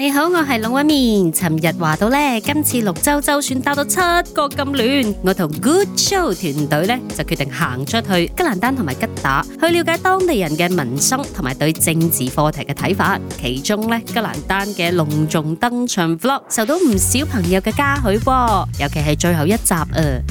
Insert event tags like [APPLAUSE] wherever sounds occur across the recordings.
你好，我係龍紋敏。尋日話到呢，今次六州州選打到七個咁亂，我同 Good Show 團隊呢就決定行出去吉蘭丹同埋吉打，去了解當地人嘅民生同埋對政治課題嘅睇法。其中呢，吉蘭丹嘅隆重登場 vlog 受到唔少朋友嘅嘉許喎，尤其係最後一集啊！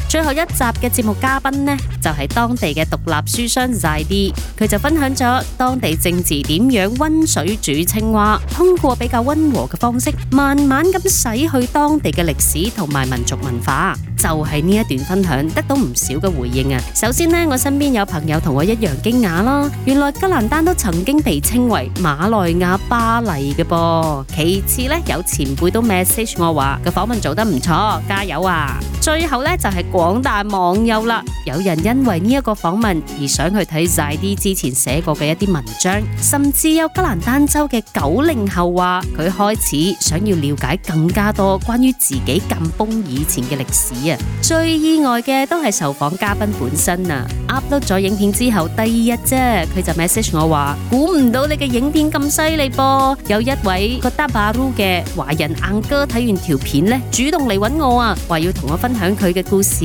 最後一集嘅節目嘉賓呢就係、是、當地嘅獨立書商 Zaidi，佢就分享咗當地政治點樣溫水煮青蛙，通過比較溫和。嘅方式慢慢咁洗去當地嘅歷史同埋民族文化，就係呢一段分享得到唔少嘅回應啊！首先咧，我身邊有朋友同我一樣驚訝啦，原來吉蘭丹都曾經被稱為馬來亞巴黎嘅噃。其次咧，有前輩都 message 我話個訪問做得唔錯，加油啊！最後咧就係廣大網友啦，有人因為呢一個訪問而想去睇晒啲之前寫過嘅一啲文章，甚至有吉蘭丹州嘅九零後話佢看。開始想要了解更加多關於自己禁崩以前嘅歷史啊！最意外嘅都係受訪嘉賓本身啊！upload 咗影片之後第二日啫，佢就 message 我話：，估唔到你嘅影片咁犀利噃！有一位哥打峇魯嘅華人硬哥睇完條片咧，主動嚟揾我啊，話要同我分享佢嘅故事。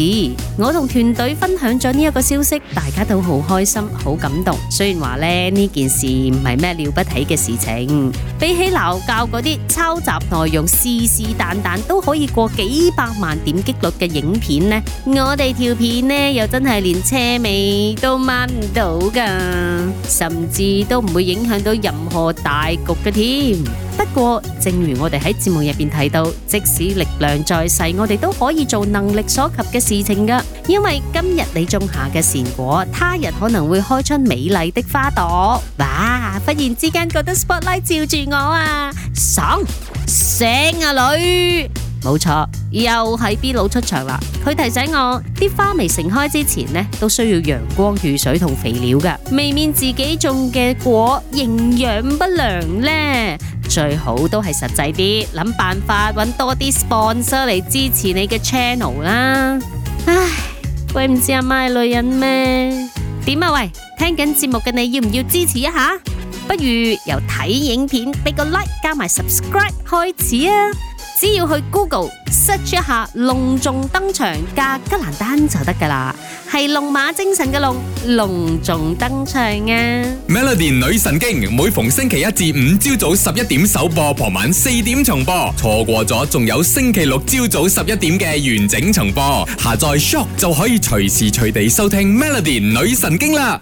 我同團隊分享咗呢一個消息，大家都好開心、好感動。雖然話咧呢件事唔係咩了不起嘅事情，比起鬧教嗰啲。抄襲內容，是是但但都可以過幾百萬點擊率嘅影片呢 [NOISE] 我哋條片呢又真係連車尾都掹唔到噶，甚至都唔會影響到任何大局嘅添。不過，正如我哋喺節目入邊提到，即使力量再細，我哋都可以做能力所及嘅事情噶。因為今日你種下嘅善果，他日可能會開出美麗的花朵。哇！忽然之間覺得 spotlight 照住我啊，爽醒啊女！冇錯，又係 B 佬出場啦。佢提醒我啲花未盛開之前咧，都需要陽光、雨水同肥料噶，未免自己種嘅果營養不良呢。最好都係實際啲，諗辦法揾多啲 sponsor 嚟支持你嘅 channel 啦。唉，鬼唔知阿媽係女人咩？點啊喂？聽緊節目嘅你要唔要支持一下？不如由睇影片俾個 like，加埋 subscribe 開始啊！只要去 Google search 一下隆重登場加吉蘭丹就得噶啦，係龍馬精神嘅龍隆重登場啊！Melody 女神經每逢星期一至五朝早十一點首播，傍晚四點重播，錯過咗仲有星期六朝早十一點嘅完整重播。下載 Shock 就可以隨時隨地收聽 Melody 女神經啦。